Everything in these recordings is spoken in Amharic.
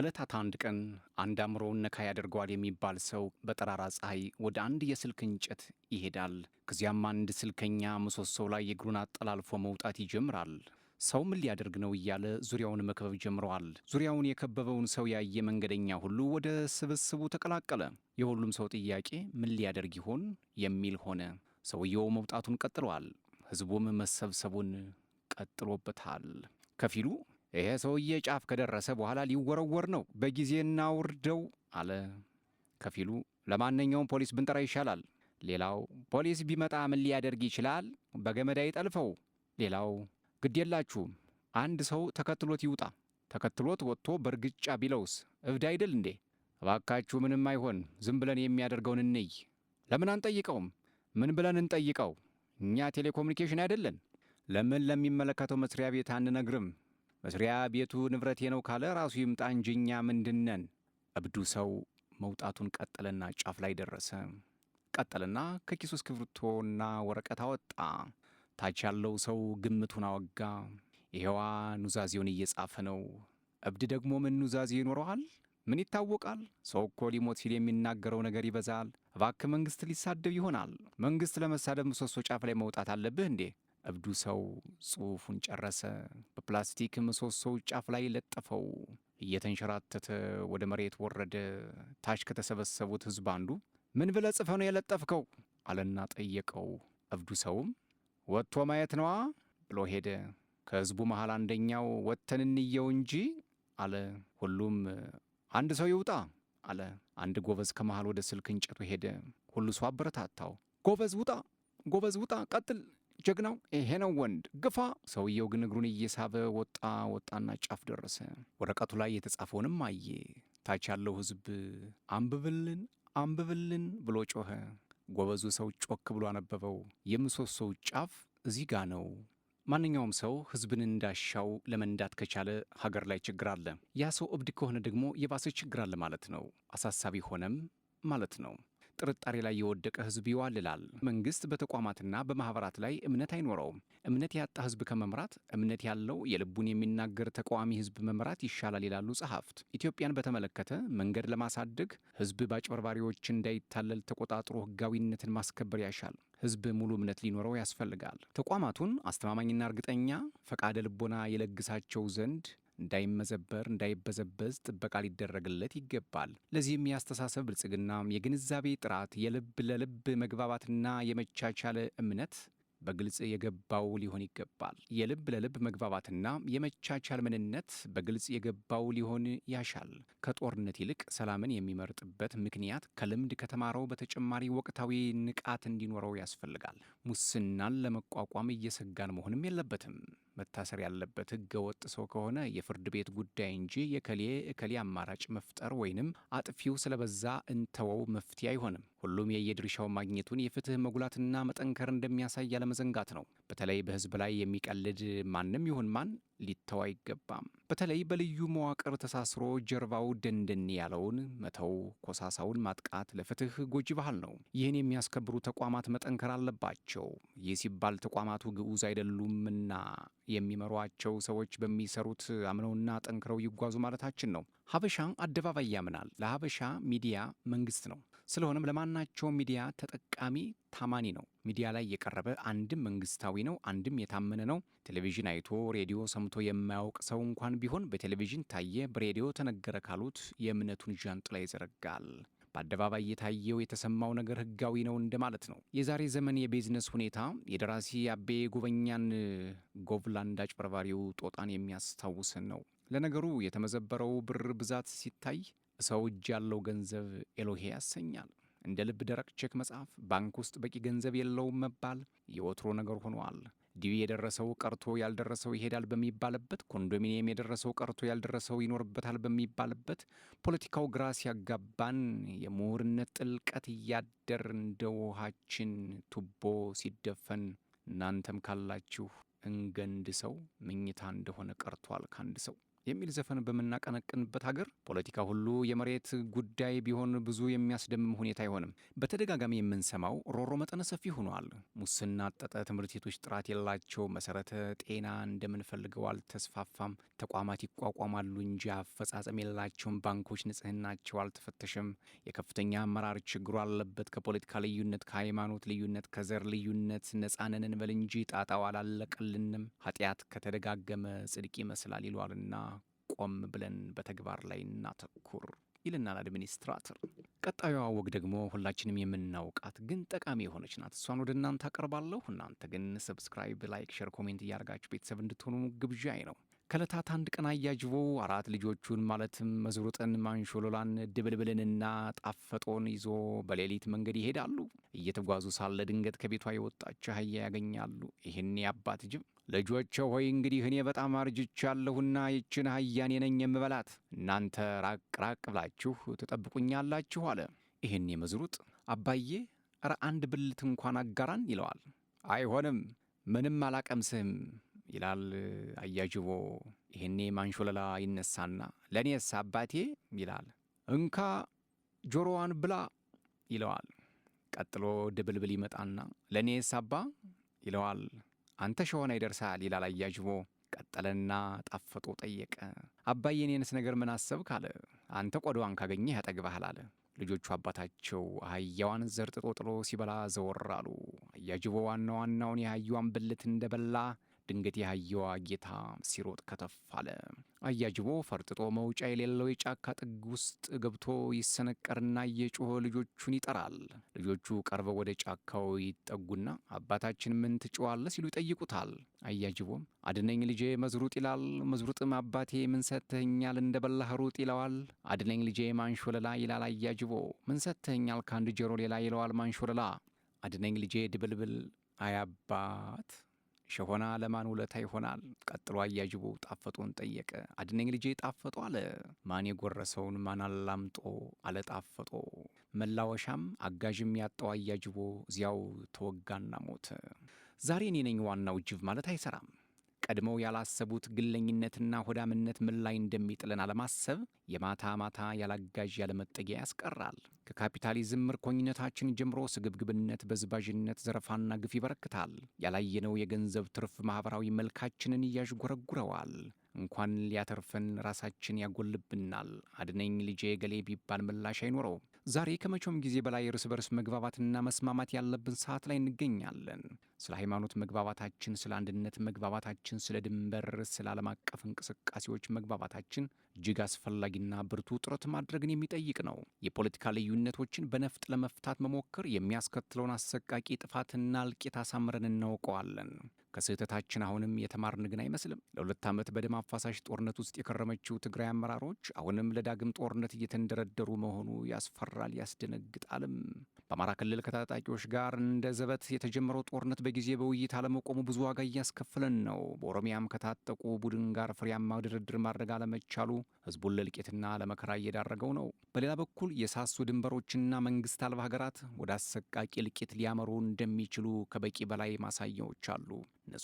ከዕለታት አንድ ቀን አንድ አእምሮውን ነካ ያደርገዋል የሚባል ሰው በጠራራ ፀሐይ ወደ አንድ የስልክ እንጨት ይሄዳል። ከዚያም አንድ ስልከኛ ምሰሶው ላይ የእግሩን አጠላልፎ መውጣት ይጀምራል። ሰው ምን ሊያደርግ ነው እያለ ዙሪያውን መክበብ ጀምረዋል። ዙሪያውን የከበበውን ሰው ያየ መንገደኛ ሁሉ ወደ ስብስቡ ተቀላቀለ። የሁሉም ሰው ጥያቄ ምን ሊያደርግ ይሆን የሚል ሆነ። ሰውየው መውጣቱን ቀጥለዋል። ህዝቡም መሰብሰቡን ቀጥሎበታል። ከፊሉ ይሄ ሰውዬ ጫፍ ከደረሰ በኋላ ሊወረወር ነው፣ በጊዜ እናውርደው አለ ከፊሉ። ለማንኛውም ፖሊስ ብንጠራ ይሻላል። ሌላው ፖሊስ ቢመጣ ምን ሊያደርግ ይችላል? በገመዳ ይጠልፈው። ሌላው ግድ የላችሁም፣ አንድ ሰው ተከትሎት ይውጣ። ተከትሎት ወጥቶ በእርግጫ ቢለውስ እብድ አይደል እንዴ? እባካችሁ ምንም አይሆን፣ ዝም ብለን የሚያደርገውን እንይ። ለምን አንጠይቀውም? ምን ብለን እንጠይቀው? እኛ ቴሌኮሙኒኬሽን አይደለን። ለምን ለሚመለከተው መስሪያ ቤት አንነግርም? መስሪያ ቤቱ ንብረቴ ነው ካለ ራሱ ይምጣ እንጂ እኛ ምንድነን? እብዱ ሰው መውጣቱን ቀጠለና ጫፍ ላይ ደረሰ። ቀጠለና ከኪሱ እስክሪብቶና ወረቀት አወጣ። ታች ያለው ሰው ግምቱን አወጋ። ይሄዋ ኑዛዜውን እየጻፈ ነው። እብድ ደግሞ ምን ኑዛዜ ይኖረዋል? ምን ይታወቃል? ሰው እኮ ሊሞት ሲል የሚናገረው ነገር ይበዛል። እባክህ መንግሥት ሊሳደብ ይሆናል። መንግሥት ለመሳደብ ምሰሶ ጫፍ ላይ መውጣት አለብህ እንዴ? እብዱ ሰው ጽሑፉን ጨረሰ። በፕላስቲክ ምሰሶው ጫፍ ላይ ለጠፈው። እየተንሸራተተ ወደ መሬት ወረደ። ታች ከተሰበሰቡት ሕዝብ አንዱ ምን ብለህ ጽፈ ነው የለጠፍከው አለና ጠየቀው። እብዱ ሰውም ወጥቶ ማየት ነዋ ብሎ ሄደ። ከሕዝቡ መሃል አንደኛው ወጥተን እንየው እንጂ አለ። ሁሉም አንድ ሰው ይውጣ አለ። አንድ ጎበዝ ከመሃል ወደ ስልክ እንጨቱ ሄደ። ሁሉ ሰው አበረታታው። ጎበዝ ውጣ፣ ጎበዝ ውጣ፣ ቀጥል ጀግናው ይሄ ነው ወንድ ግፋ። ሰውየው ግን እግሩን እየሳበ ወጣ ወጣና ጫፍ ደረሰ። ወረቀቱ ላይ የተጻፈውንም አየ። ታች ያለው ህዝብ አንብብልን አንብብልን ብሎ ጮኸ። ጎበዙ ሰው ጮክ ብሎ አነበበው። የምሰሶው ጫፍ እዚህ ጋ ነው። ማንኛውም ሰው ህዝብን እንዳሻው ለመንዳት ከቻለ ሀገር ላይ ችግር አለ። ያ ሰው እብድ ከሆነ ደግሞ የባሰ ችግር አለ ማለት ነው። አሳሳቢ ሆነም ማለት ነው። ጥርጣሬ ላይ የወደቀ ህዝብ ይዋልላል። መንግስት በተቋማትና በማህበራት ላይ እምነት አይኖረውም። እምነት ያጣ ህዝብ ከመምራት እምነት ያለው የልቡን የሚናገር ተቃዋሚ ህዝብ መምራት ይሻላል ይላሉ ጸሐፍት። ኢትዮጵያን በተመለከተ መንገድ ለማሳደግ ህዝብ በአጭበርባሪዎች እንዳይታለል ተቆጣጥሮ ህጋዊነትን ማስከበር ያሻል። ህዝብ ሙሉ እምነት ሊኖረው ያስፈልጋል። ተቋማቱን አስተማማኝና እርግጠኛ ፈቃደ ልቦና የለግሳቸው ዘንድ እንዳይመዘበር፣ እንዳይበዘበዝ ጥበቃ ሊደረግለት ይገባል። ለዚህም የአስተሳሰብ ብልጽግና፣ የግንዛቤ ጥራት፣ የልብ ለልብ መግባባትና የመቻቻል እምነት በግልጽ የገባው ሊሆን ይገባል። የልብ ለልብ መግባባትና የመቻቻል ምንነት በግልጽ የገባው ሊሆን ያሻል። ከጦርነት ይልቅ ሰላምን የሚመርጥበት ምክንያት ከልምድ ከተማረው በተጨማሪ ወቅታዊ ንቃት እንዲኖረው ያስፈልጋል። ሙስናን ለመቋቋም እየሰጋን መሆንም የለበትም። መታሰር ያለበት ህገ ወጥ ሰው ከሆነ የፍርድ ቤት ጉዳይ እንጂ የከሌ እከሌ አማራጭ መፍጠር ወይንም አጥፊው ስለበዛ እንተወው መፍትሄ አይሆንም። ሁሉም የየድርሻው ማግኘቱን የፍትህ መጉላትና መጠንከር እንደሚያሳይ ያለመዘንጋት ነው። በተለይ በህዝብ ላይ የሚቀልድ ማንም ይሁን ማን ሊተው አይገባም። በተለይ በልዩ መዋቅር ተሳስሮ ጀርባው ደንደን ያለውን መተው፣ ኮሳሳውን ማጥቃት ለፍትህ ጎጂ ባህል ነው። ይህን የሚያስከብሩ ተቋማት መጠንከር አለባቸው። ይህ ሲባል ተቋማቱ ግዑዝ አይደሉምና የሚመሯቸው ሰዎች በሚሰሩት አምነውና ጠንክረው ይጓዙ ማለታችን ነው። ሀበሻ አደባባይ ያምናል። ለሀበሻ ሚዲያ መንግስት ነው። ስለሆነም ለማናቸው ሚዲያ ተጠቃሚ ታማኒ ነው። ሚዲያ ላይ የቀረበ አንድም መንግስታዊ ነው፣ አንድም የታመነ ነው። ቴሌቪዥን አይቶ ሬዲዮ ሰምቶ የማያውቅ ሰው እንኳን ቢሆን በቴሌቪዥን ታየ፣ በሬዲዮ ተነገረ ካሉት የእምነቱን ዣንጥላ ይዘረጋል። በአደባባይ የታየው የተሰማው ነገር ህጋዊ ነው እንደማለት ነው። የዛሬ ዘመን የቢዝነስ ሁኔታ የደራሲ አቤ ጉበኛን ጎቭላንድ አጭበርባሪው ጦጣን የሚያስታውስን ነው። ለነገሩ የተመዘበረው ብር ብዛት ሲታይ ሰው እጅ ያለው ገንዘብ ኤሎሄ ያሰኛል። እንደ ልብ ደረቅ ቼክ መጻፍ፣ ባንክ ውስጥ በቂ ገንዘብ የለውም መባል የወትሮ ነገር ሆኗል። ዲዩ የደረሰው ቀርቶ ያልደረሰው ይሄዳል በሚባልበት፣ ኮንዶሚኒየም የደረሰው ቀርቶ ያልደረሰው ይኖርበታል በሚባልበት፣ ፖለቲካው ግራ ሲያጋባን የምሁርነት ጥልቀት እያደር እንደ ውሃችን ቱቦ ሲደፈን እናንተም ካላችሁ እንገንድ ሰው ምኝታ እንደሆነ ቀርቷል ከአንድ ሰው የሚል ዘፈን በምናቀነቅንበት ሀገር ፖለቲካ ሁሉ የመሬት ጉዳይ ቢሆን ብዙ የሚያስደምም ሁኔታ አይሆንም። በተደጋጋሚ የምንሰማው ሮሮ መጠነ ሰፊ ሆኗል። ሙስና አጠጠ፣ ትምህርት ቤቶች ጥራት የላቸው፣ መሰረተ ጤና እንደምንፈልገው አልተስፋፋም፣ ተቋማት ይቋቋማሉ እንጂ አፈጻጸም የላቸውም፣ ባንኮች ንጽህናቸው አልተፈተሸም፣ የከፍተኛ አመራር ችግሩ አለበት፣ ከፖለቲካ ልዩነት፣ ከሃይማኖት ልዩነት፣ ከዘር ልዩነት ነጻነን እንበል እንጂ ጣጣው አላለቀልንም፣ ኃጢአት ከተደጋገመ ጽድቅ ይመስላል ይሏልና ቆም ብለን በተግባር ላይ እናተኩር ይልናል አድሚኒስትራተር። ቀጣዩዋ ወግ ደግሞ ሁላችንም የምናውቃት ግን ጠቃሚ የሆነች ናት። እሷን ወደ እናንተ አቀርባለሁ። እናንተ ግን ሰብስክራይብ፣ ላይክ፣ ሸር ኮሜንት እያደርጋችሁ ቤተሰብ እንድትሆኑ ግብዣይ ነው። ከለታት አንድ ቀን አያጅቦ አራት ልጆቹን ማለትም መዝሩጥን፣ ማንሾሎላን፣ ድብልብልንና ጣፈጦን ይዞ በሌሊት መንገድ ይሄዳሉ። እየተጓዙ ሳለ ድንገት ከቤቷ የወጣች አህያ ያገኛሉ። ይህን የአባት ጅብ ልጆቼ ሆይ እንግዲህ እኔ በጣም አርጅቻለሁና ይችን አህያኔ ነኝ የምበላት፣ እናንተ ራቅ ራቅ ብላችሁ ትጠብቁኛላችሁ አለ። ይህን የመዝሩጥ አባዬ እረ አንድ ብልት እንኳን አጋራን ይለዋል። አይሆንም፣ ምንም አላቀምስህም ይላል አያጅቦ። ይህኔ ማንሾለላ ይነሳና ለእኔስ አባቴ ይላል። እንካ ጆሮዋን ብላ ይለዋል። ቀጥሎ ድብልብል ይመጣና ለእኔስ አባ ይለዋል። አንተ ሸሆና ይደርሳል ይላል አያጅቦ። ቀጠለና ጣፍጦ ጠየቀ። አባዬ እኔንስ ነገር ምን አሰብክ አለ። አንተ ቆዳዋን ካገኘህ ያጠግባሃል አለ። ልጆቹ አባታቸው አህያዋን ዘርጥጦ ጥሎ ሲበላ ዘወር አሉ። አያጅቦ ዋና ዋናውን የአህያዋን ብልት እንደበላ ድንገት የአህያዋ ጌታ ሲሮጥ ከተፍ አለ። አያጅቦ ፈርጥጦ መውጫ የሌለው የጫካ ጥግ ውስጥ ገብቶ ይሰነቀርና እየጮኸ ልጆቹን ይጠራል። ልጆቹ ቀርበው ወደ ጫካው ይጠጉና አባታችን ምን ትጮዋለህ ሲሉ ይጠይቁታል። አያጅቦም አድነኝ ልጄ መዝሩጥ ይላል። መዝሩጥም አባቴ ምን ሰጥተኛል እንደ በላህ ሩጥ ይለዋል። አድነኝ ልጄ ማንሾለላ ይላል አያጅቦ። ምን ሰጥተኛል ከአንድ ጆሮ ሌላ ይለዋል ማንሾለላ። አድነኝ ልጄ ድብልብል አያባት ሸሆና ለማን ውለታ ይሆናል? ቀጥሎ አያጅቦ ጣፈጦን ጠየቀ። አድነኝ ልጄ ጣፈጦ አለ። ማን የጎረሰውን ማን አላምጦ አለ ጣፈጦ። መላወሻም አጋዥም ያጣው አያጅቦ እዚያው ተወጋና ሞተ። ዛሬ እኔ ነኝ ዋናው ጅብ ማለት አይሰራም። ቀድመው ያላሰቡት ግለኝነትና ሆዳምነት ምን ላይ እንደሚጥለን አለማሰብ የማታ ማታ ያላጋዥ ያለመጠጊያ ያስቀራል። ከካፒታሊዝም ምርኮኝነታችን ጀምሮ ስግብግብነት፣ በዝባዥነት፣ ዘረፋና ግፍ ይበረክታል። ያላየነው የገንዘብ ትርፍ ማኅበራዊ መልካችንን እያዥጎረጉረዋል። እንኳን ሊያተርፈን ራሳችን ያጎልብናል። አድነኝ ልጄ ገሌ ቢባል ምላሽ አይኖረው። ዛሬ ከመቼውም ጊዜ በላይ እርስ በርስ መግባባትና መስማማት ያለብን ሰዓት ላይ እንገኛለን። ስለ ሃይማኖት መግባባታችን፣ ስለ አንድነት መግባባታችን፣ ስለ ድንበር፣ ስለ ዓለም አቀፍ እንቅስቃሴዎች መግባባታችን እጅግ አስፈላጊና ብርቱ ጥረት ማድረግን የሚጠይቅ ነው። የፖለቲካ ልዩነቶችን በነፍጥ ለመፍታት መሞከር የሚያስከትለውን አሰቃቂ ጥፋትና እልቂት አሳምረን እናውቀዋለን። ከስህተታችን አሁንም የተማርን ግን አይመስልም። ለሁለት ዓመት በደም አፋሳሽ ጦርነት ውስጥ የከረመችው ትግራይ አመራሮች አሁንም ለዳግም ጦርነት እየተንደረደሩ መሆኑ ያስፈራል፣ ያስደነግጣልም። በአማራ ክልል ከታጣቂዎች ጋር እንደ ዘበት የተጀመረው ጦርነት በጊዜ በውይይት አለመቆሙ ብዙ ዋጋ እያስከፍለን ነው። በኦሮሚያም ከታጠቁ ቡድን ጋር ፍሬያማ ድርድር ማድረግ አለመቻሉ ህዝቡን ለእልቂትና ለመከራ እየዳረገው ነው። በሌላ በኩል የሳሱ ድንበሮችና መንግስት አልባ ሀገራት ወደ አሰቃቂ እልቂት ሊያመሩ እንደሚችሉ ከበቂ በላይ ማሳያዎች አሉ።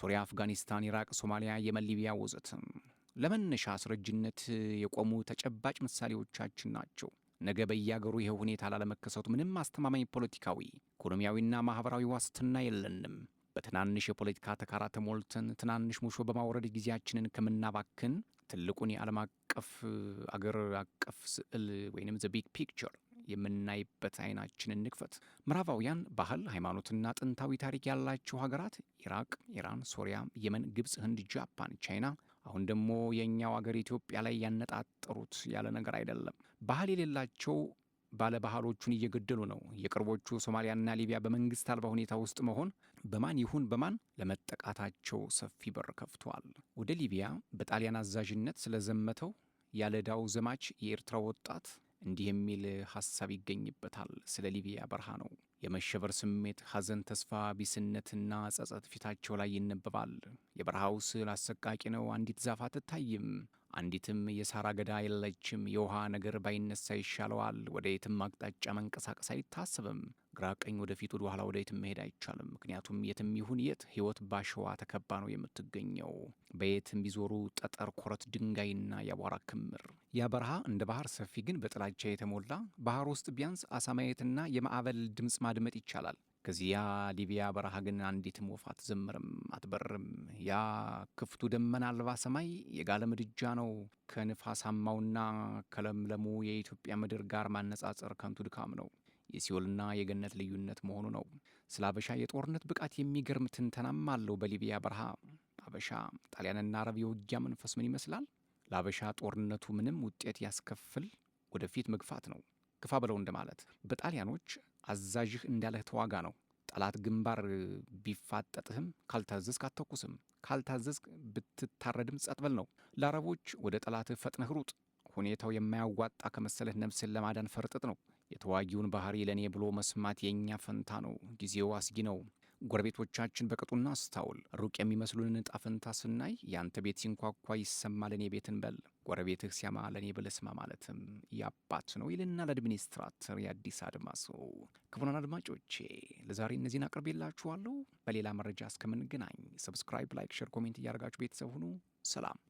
ሶሪያ፣ አፍጋኒስታን፣ ኢራቅ፣ ሶማሊያ፣ የመን፣ ሊቢያ ወዘትም ለመነሻ አስረጅነት የቆሙ ተጨባጭ ምሳሌዎቻችን ናቸው። ነገ በያገሩ ይህ ሁኔታ ላለመከሰቱ ምንም አስተማማኝ ፖለቲካዊ፣ ኢኮኖሚያዊና ማኅበራዊ ዋስትና የለንም። በትናንሽ የፖለቲካ ተካራ ተሞልተን ትናንሽ ሙሾ በማውረድ ጊዜያችንን ከምናባክን ትልቁን የዓለም አቀፍ አገር አቀፍ ስዕል ወይም ዘ ቢግ ፒክቸር የምናይበት አይናችንን እንክፈት። ምዕራባውያን ባህል፣ ሃይማኖትና ጥንታዊ ታሪክ ያላቸው ሀገራት ኢራቅ፣ ኢራን፣ ሶሪያ፣ የመን፣ ግብፅ፣ ህንድ፣ ጃፓን፣ ቻይና አሁን ደግሞ የእኛው አገር ኢትዮጵያ ላይ ያነጣጠሩት ያለ ነገር አይደለም። ባህል የሌላቸው ባለባህሎቹን እየገደሉ ነው። የቅርቦቹ ሶማሊያና ሊቢያ በመንግስት አልባ ሁኔታ ውስጥ መሆን በማን ይሁን በማን ለመጠቃታቸው ሰፊ በር ከፍቷል። ወደ ሊቢያ በጣሊያን አዛዥነት ስለዘመተው ያለ ዘማች የኤርትራ ወጣት እንዲህ የሚል ሀሳብ ይገኝበታል። ስለ ሊቢያ በረሃ ነው። የመሸበር ስሜት፣ ሐዘን፣ ተስፋ ቢስነትና ጸጸት ፊታቸው ላይ ይነበባል። የበረሃው ስዕል አሰቃቂ ነው። አንዲት ዛፍ አትታይም። አንዲትም የሳር አገዳ የለችም። የውሃ ነገር ባይነሳ ይሻለዋል። ወደ የትም አቅጣጫ መንቀሳቀስ አይታሰብም። ግራ ቀኝ ወደፊት ወደ ኋላ ወደ የትም መሄድ አይቻልም። ምክንያቱም የትም ይሁን የት ህይወት ባሸዋ ተከባ ነው የምትገኘው። በየትም ቢዞሩ ጠጠር፣ ኮረት፣ ድንጋይና የአቧራ ክምር። ያ በረሃ እንደ ባህር ሰፊ ግን በጥላቻ የተሞላ ባህር ውስጥ ቢያንስ አሳ ማየትና የማዕበል ድምፅ ማድመጥ ይቻላል። ከዚያ ሊቢያ በረሃ ግን አንዲትም ወፍ አትዘምርም፣ አትበርም። ያ ክፍቱ ደመና አልባ ሰማይ የጋለ ምድጃ ነው። ከንፋሳማውና ከለምለሙ የኢትዮጵያ ምድር ጋር ማነጻጸር ከንቱ ድካም ነው። የሲኦልና የገነት ልዩነት መሆኑ ነው። ስለ አበሻ የጦርነት ብቃት የሚገርም ትንተናም አለው። በሊቢያ በረሃ አበሻ ጣሊያንና አረብ የውጊያ መንፈስ ምን ይመስላል? ለአበሻ ጦርነቱ ምንም ውጤት ያስከፍል ወደፊት መግፋት ነው። ግፋ ብለው እንደማለት። በጣሊያኖች አዛዥህ እንዳለህ ተዋጋ ነው። ጠላት ግንባር ቢፋጠጥህም ካልታዘዝክ አትተኩስም፣ ካልታዘዝክ ብትታረድም ጸጥበል ነው። ለአረቦች ወደ ጠላትህ ፈጥነህ ሩጥ፣ ሁኔታው የማያዋጣ ከመሰለህ ነፍስን ለማዳን ፈርጥጥ ነው። የተዋጊውን ባህሪ ለእኔ ብሎ መስማት የእኛ ፈንታ ነው። ጊዜው አስጊ ነው። ጎረቤቶቻችን በቅጡና አስታውል። ሩቅ የሚመስሉን ዕጣ ፈንታ ስናይ ያንተ ቤት ሲንኳኳ ይሰማ ለእኔ ቤትን በል ጎረቤትህ ሲያማ ለእኔ ብለህ ስማ ማለትም ያባት ነው ይልና ለአድሚኒስትራተር የአዲስ አድማሱ። ክቡራን አድማጮቼ ለዛሬ እነዚህን አቅርቤላችኋለሁ። በሌላ መረጃ እስከምንገናኝ ሰብስክራይብ፣ ላይክ፣ ሼር፣ ኮሜንት እያደርጋችሁ ቤተሰብ ሁኑ። ሰላም